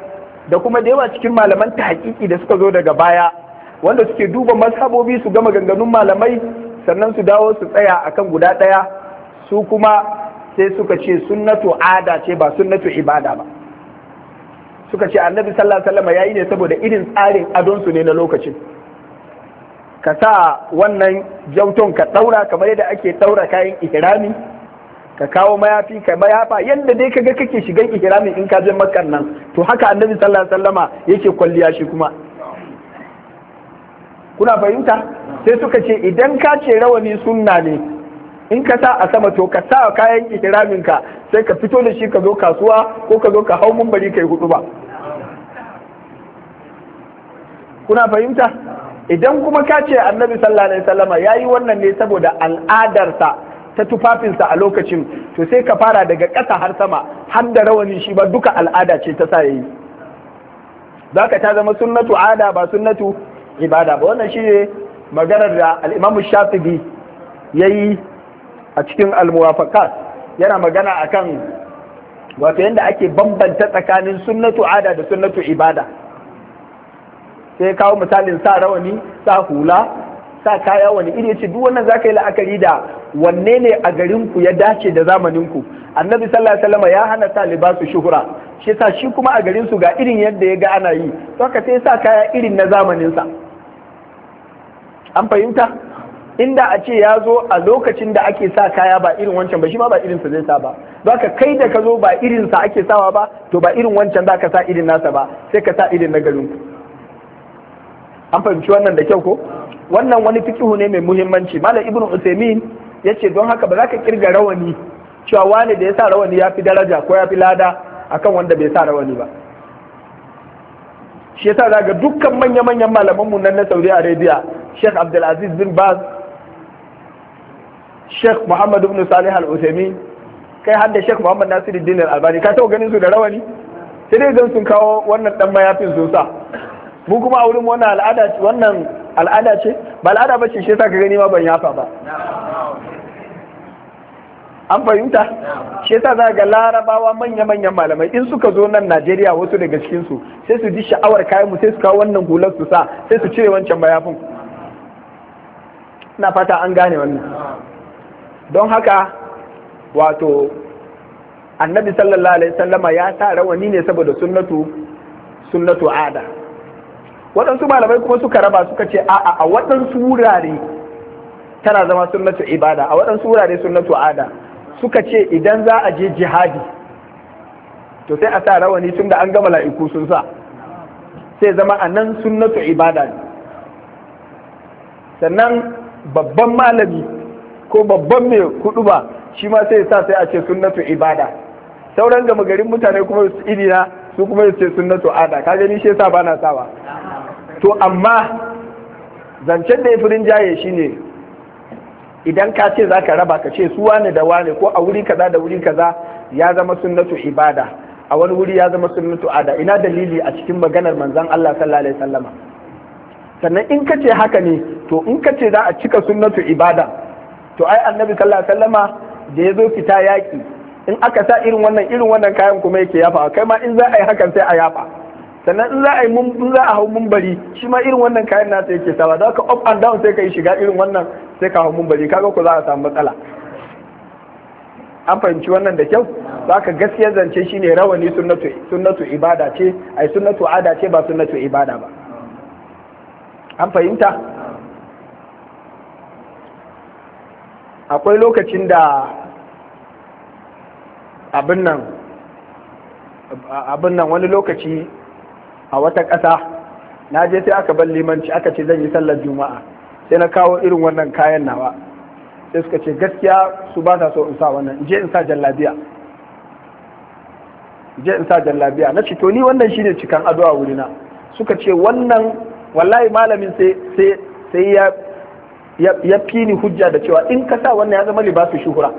da kuma da yawa cikin malaman ta tahqiqi da suka zo daga baya wanda suke duba mazhabobi su gama ganganun malamai sannan su dawo su tsaya akan guda ɗaya su kuma sai suka ce sunnatu ada ce ba sunnatu ibada ba suka ce annabi sallallahu alaihi wasallam yayi ne saboda irin tsarin adon su ne na lokacin ka sa wannan jauton ka daura kamar yadda ake daura kayan ihrami ka kawo mayafi ka mayafa yadda dai kaga kake shigan ihrami in ka je makkan nan to haka annabi sallallahu alaihi wasallama yake kwalliya shi kuma kuna fahimta sai suka ce idan ka ce rawani sunna ne in ka sa a sama to ka sa kayan ihramin ka sai ka fito da shi ka zo kasuwa ko ka zo ka hau bari kai hudu ba kuna fahimta idan kuma ka ce annabi sallallahu alaihi ya yayi wannan ne saboda al'adarsa ta tufafinsa a lokacin to sai ka fara daga ƙasa har sama har da rawani shi ba duka al'ada ce ta sa yayi zaka ta zama sunnatu ada ba sunnatu ibada ba wannan shine maganar da al-Imam Shafi'i yayi a cikin al-Muwafaqat yana magana akan wato yanda ake bambanta tsakanin sunnatu ada da sunnatu ibada sai kawo misalin sa rawani sa hula sa kaya wani iri ce duk wannan zaka yi la'akari da wanne ne a garin ya dace da zamaninku? annabi sallallahu alaihi wasallam ya hana sa libasu shuhura shi yasa shi kuma a garin su ga irin yadda ya ga ana yi to ka sai sa kaya irin na zamanin sa an fahimta inda a ce ya zo a lokacin da ake sa kaya ba irin wancan ba shi ma ba irinsa zai sa ba ka kai da ka zo ba irinsa ake sawa ba to ba irin wancan za ka sa irin nasa ba sai ka sa irin na garinku. an fahimci wannan da kyau ko wannan wani fikihu ne mai muhimmanci malam ibnu usaimin yace don haka ba za ka kirga rawani cewa wani da ya sa rawani ya fi daraja ko ya fi lada akan wanda bai sa rawani ba shi yasa daga dukkan manya-manyan mu nan na saudi arabia sheikh abdulaziz bin baz sheikh muhammad ibn salih al uthaymeen kai har da sheikh muhammad nasiruddin al albani ka taɓa ganin su da rawani sai dai zan sun kawo wannan dan mayafin sun mu kuma a wurin wannan al'ada wannan al'ada ce ba al'ada bace shi yasa ka gani ma ban yafa ba an fahimta shi yasa za ga larabawa manya-manyan malamai in suka zo nan najeriya wasu daga cikinsu sai su ji sha'awar kayan mu sai su kawo wannan hular su sa sai su cire wancan bayafin na fata an gane wannan don haka wato annabi sallallahu alaihi sallama ya sa rawani ne saboda sunnatu sunnatu ada waɗansu malamai kuma suka raba suka ce a'a a waɗansu wurare tana zama sunnatu ibada a waɗansu wurare sunnatu ada suka ce idan za a je jihadi to sai a sa rawani tun da an gama la'iku sun sa sai zama a nan sunnatu ibada ne sannan babban malami ko babban mai kudu ba shi ma sai sa sai a ce sunnatu ibada sauran gama garin mutane kuma su irina su kuma ce sunnatu ada ka gani shi yasa bana sawa to amma zancen da ya fi rinjaye shine idan ka ce zaka raba ka ce su wane da wane ko a wuri kaza da wuri kaza ya zama sunnatu ibada a wani wuri ya zama sunnatu ada ina dalili a cikin maganar manzon Allah sallallahu alaihi wasallama sannan in ka ce haka ne to in ka ce za a cika sunnatu ibada to ai annabi sallallahu alaihi da ya zo fita yaƙi in aka sa irin wannan irin wannan kayan kuma yake yafa kai ma in za a yi hakan sai a yafa sannan in za a yi mun in za a hau bari shi ma irin wannan kayan nasa yake sawa za ka up and down sai ka yi shiga irin wannan sai ka hau bari, kaga ku za a samu matsala an fahimci wannan da kyau za ka gaskiya zance shine rawani sunnatu sunnatu ibada ce ai sunnatu ada ce ba sunnatu ibada ba an fahimta akwai lokacin da abin nan wani lokaci a wata ƙasa na je sai aka bar limanci aka ce zan yi sallar juma'a sai na kawo irin wannan kayan nawa sai suka ce gaskiya su ba sa so in sa wannan je in sa jallabiya je in sa jallabiya na ce to ni wannan shine cikan addu'a wurina suka ce wannan wallahi malamin sai sai sai ya ya fini hujja da cewa in ka sa wannan ya zama libasu shuhura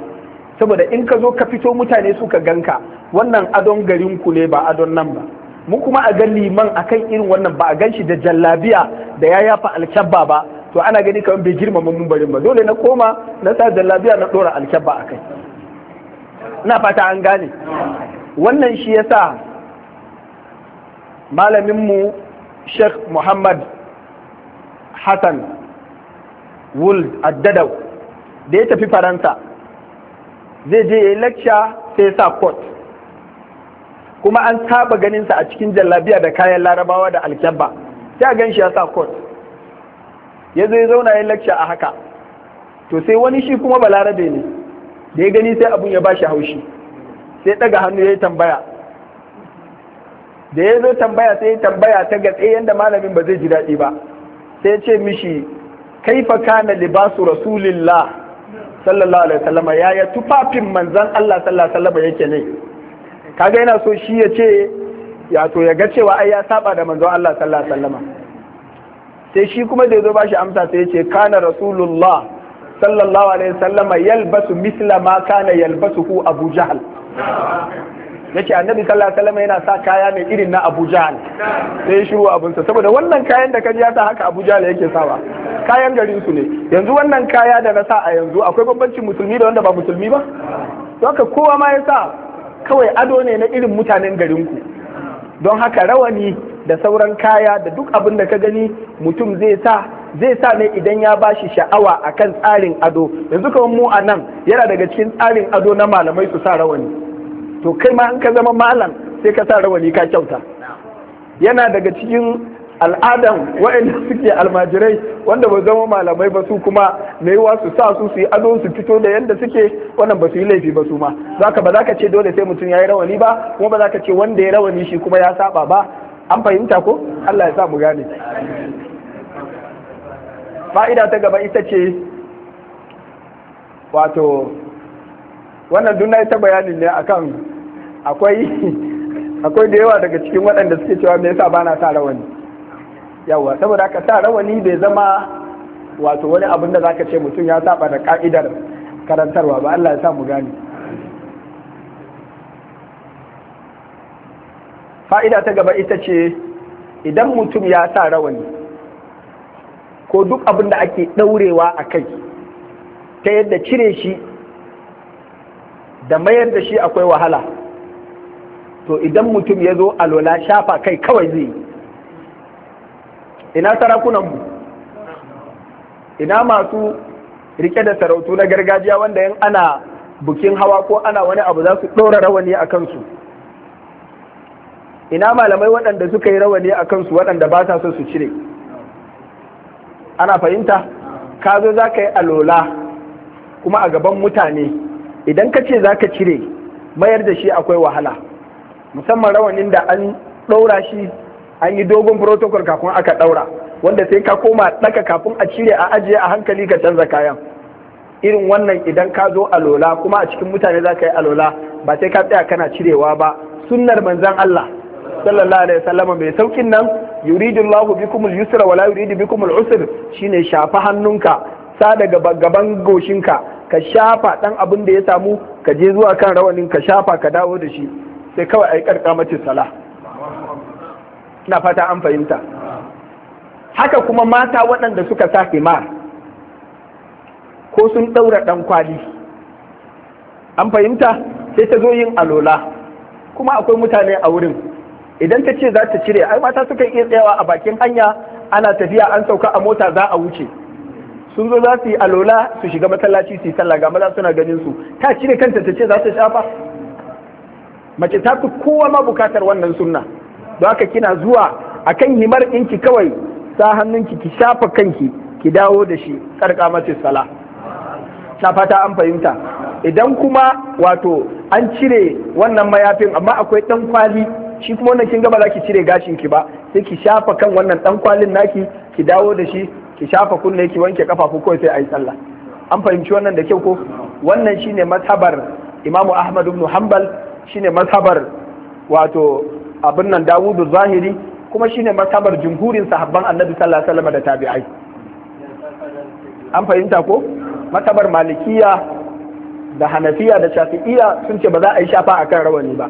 saboda in ka zo ka fito mutane suka ganka wannan adon garinku ne ba adon nan ba mu kuma a ga liman akan irin wannan ba a gan shi da jallabiya da ya yafa alkyabba ba to ana gani kamar bai girmama mun barin ba dole na koma na sa jallabiya na dora alkyabba a kai Ina fata an gane wannan shi yasa mu sheikh muhammad hassan wuld addadaw da ya tafi faransa zai je ya yi lecture sai ya sa court kuma an saba ganinsa a cikin jallabiya da kayan larabawa da alkyabba sai a gan shi ya sa court ya zo ya zauna ya yi lecture a haka to sai wani shi kuma balarabe ne da ya gani sai abun ya ba shi haushi sai daga hannu ya yi tambaya da ya zo tambaya sai ya tambaya ta gatse yadda malamin ba zai ji daɗi ba sai ya ce mishi kaifa kana libasu rasulillah sallallahu alaihi wasallama yi tufafin manzan Allah sallallahu alaihi wasallama yake ne kaga yana so shi ya ce ya to ya ga cewa ai ya saba da manzon Allah sallallahu alaihi wasallama sai shi kuma da yazo ba shi amsa sai ya ce kana rasulullah sallallahu alaihi wasallama yalbasu misla ma kana yalbasuhu abu jahl yace annabi sallallahu alaihi wasallama yana sa kaya ne irin na abu jahl sai shi shiru abunsa saboda wannan kayan da kaji ya sa haka abu jahl yake sawa kayan garin su ne yanzu wannan kaya da na sa a yanzu akwai bambancin musulmi da wanda ba musulmi ba don haka kowa ma ya sa kawai ado ne na irin mutanen garin ku don haka rawani da sauran kaya da duk abin da ka gani mutum zai sa zai sa ne idan ya ba shi sha'awa akan tsarin ado yanzu kawai mu a nan yana daga cikin tsarin ado na malamai su sa rawani to kai ma in ka zama malam sai ka sa rawani ka kyauta yana daga cikin al'adan waɗanda suke almajirai wanda ba zama malamai ba su kuma me yi su sa su su yi ado su fito da yadda suke wannan ba su yi laifi ba su ma ka ba ka ce dole sai mutum ya yi rawani ba kuma ba za ka ce wanda ya rawani shi kuma ya saba ba an fahimta ko Allah ya sa mu gane fa'ida ta gaba ita ce wato wannan duna ta bayani ne akan akwai akwai da yawa daga cikin waɗanda suke cewa me yasa bana sa rawani yawa saboda haka sa rawani bai zama wato wani abin da zaka ce mutum ya saba da ka'idar karantarwa ba Allah ya sa mu gane fa'ida ta gaba ita ce idan mutum ya sa rawani ko duk abin da ake daurewa a kai ta yadda cire shi da mayar da shi akwai wahala to idan mutum ya zo alola shafa kai kawai zai yi ina sarakunanmu ina masu rike da sarautu na gargajiya wanda yan ana bukin hawa ko ana wani abu za su ɗora rawani a kansu ina malamai waɗanda suka yi rawani a kansu waɗanda ba sa so su cire ana fahimta ka zo za ka yi alola kuma a gaban mutane idan ka ce za ka cire mayar da shi akwai wahala musamman rawanin da an ɗaura shi an yi dogon protocol kafin aka ɗaura wanda sai ka koma ɗaka kafin a cire a ajiye a hankali ka canza kayan irin wannan idan ka zo alola kuma a cikin mutane za ka yi alola ba sai ka tsaya kana cirewa ba sunnar manzan Allah sallallahu alaihi wasallam mai saukin nan yuridullahu bikumul yusra wala yuridu bikumul usr shine shafa hannunka sa daga gaban goshinka ka shafa dan abin da ya samu ka je zuwa kan rawanin ka shafa ka dawo da shi sai kawai ai karkamacin salah Suna fata an fahimta haka kuma mata waɗanda suka sa himar ko sun ɗaura ɗan kwali an fahimta sai ta zo yin alola kuma akwai mutane a wurin idan ta ce za ta cire ai mata suka iya tsayawa a bakin hanya ana tafiya an sauka a mota za a wuce sun zo za su yi alola su shiga masallaci su yi sallah ga maza suna ganin su ta cire kanta ta ce za ta shafa mace ta fi kowa ma bukatar wannan sunna don haka kina zuwa a kan himar ɗinki kawai sa hannunki ki shafa kanki ki dawo da shi sarƙa mace sala na fata an fahimta idan kuma wato an cire wannan mayafin amma akwai ɗan kwali shi kuma wannan kin gaba za ki cire gashin ki ba sai ki shafa kan wannan ɗan kwalin naki ki dawo da shi ki shafa kunne ki wanke kafafu kawai sai ayi yi sallah an fahimci wannan da kyau ko wannan shine mazhabar imamu ahmad ibn hanbal shine mazhabar wato abin nan Dawudu Zahiri kuma shine martabar jumhurin sahabban Annabi sallallahu alaihi wasallam da tabi'ai an fahimta ko martabar Malikiya da Hanafiya da Shafi'iya sun ce ba za a yi shafa akan rawani ba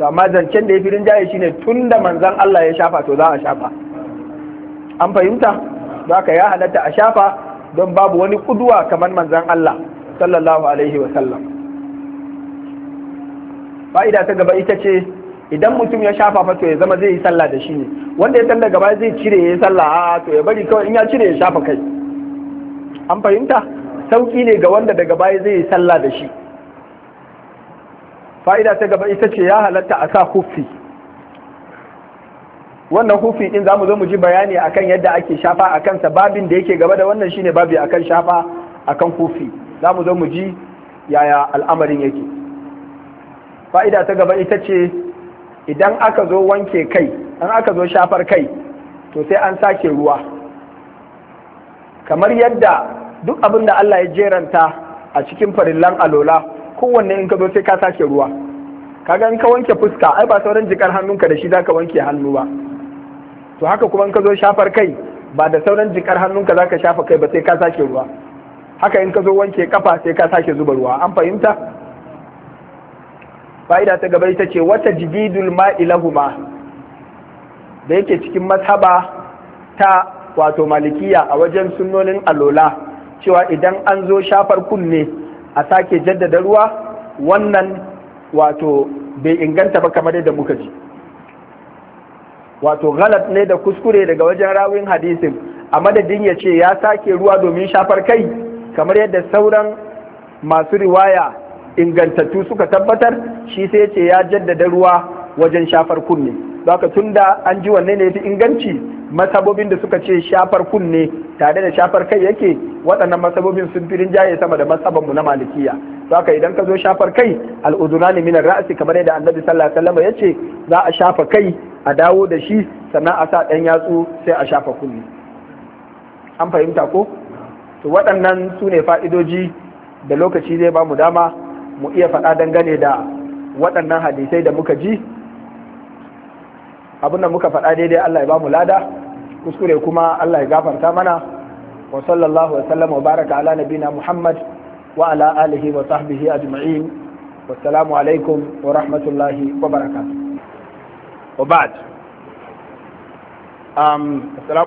to amma zancen da ya fi rinjaye shine tunda manzon Allah ya shafa to za a shafa an fahimta za ka ya halatta a shafa don babu wani kuduwa kamar manzon Allah sallallahu alaihi wasallam fa'ida ta gaba ita ce idan mutum ya shafa fa to ya zama zai yi sallah da shi ne wanda ya sallah gaba zai cire ya yi sallah a to ya bari kawai in ya cire ya shafa kai an fahimta sauki ne ga wanda daga baya zai yi sallah da shi fa'ida ta gaba ita ce ya halatta a sa hufi wannan hufi din zamu zo mu ji bayani akan yadda ake shafa a kansa babin da yake gaba da wannan shine babi akan shafa akan hufi zamu zo mu ji yaya al'amarin yake fa'ida ta gaba ita ce idan aka zo wanke kai an aka zo shafar kai to sai an sake ruwa kamar yadda duk abin da Allah ya jeranta a cikin farillan alola kowanne in ka zo sai ka sake ruwa kaga in ka wanke fuska ai ba sauran jikar hannunka da shi zaka wanke hannu ba to haka kuma in ka zo shafar kai ba da sauran jikar hannunka zaka shafa kai ba sai ka sake ruwa haka in ka zo wanke kafa sai ka sake zuba ruwa an fahimta fa'ida ta gaba ita ce wata jididul ma'ilahuma da yake cikin mashaba ta wato malikiya a wajen sunnonin alola cewa idan an zo shafar kunne a sake jaddada ruwa wannan wato bai inganta ba kamar yadda muka ji wato galat ne da kuskure daga wajen rawin hadisin a madadin ya ce ya sake ruwa domin shafar kai kamar yadda sauran masu riwaya ingantattu suka tabbatar shi sai ce ya jaddada ruwa wajen shafar kunne tun da an ji wanne ne fi inganci masabobin da suka ce shafar kunne tare da shafar kai yake waɗannan masabobin sun fi rinjaye sama da masabanmu na malikiya ka idan ka zo shafar kai ne minar ra'asi kamar yadda annabi sallallahu alaihi wasallam za a shafa kai a dawo da shi sannan a sa ɗan yatsu sai a shafa kunne an fahimta ko to waɗannan su ne fa'idoji da lokaci zai ba mu dama mu iya faɗa dangane da waɗannan hadisai da muka ji abin da muka faɗa daidai Allah ya ba mu lada kuskure kuma Allah ya gafarta mana wa sallallahu wa wa baraka ala nabina Muhammad wa ala alihi wa sahbihi ajma'in wassalamu alaikum wa rahmatullahi wa barakatuh wa ba'd um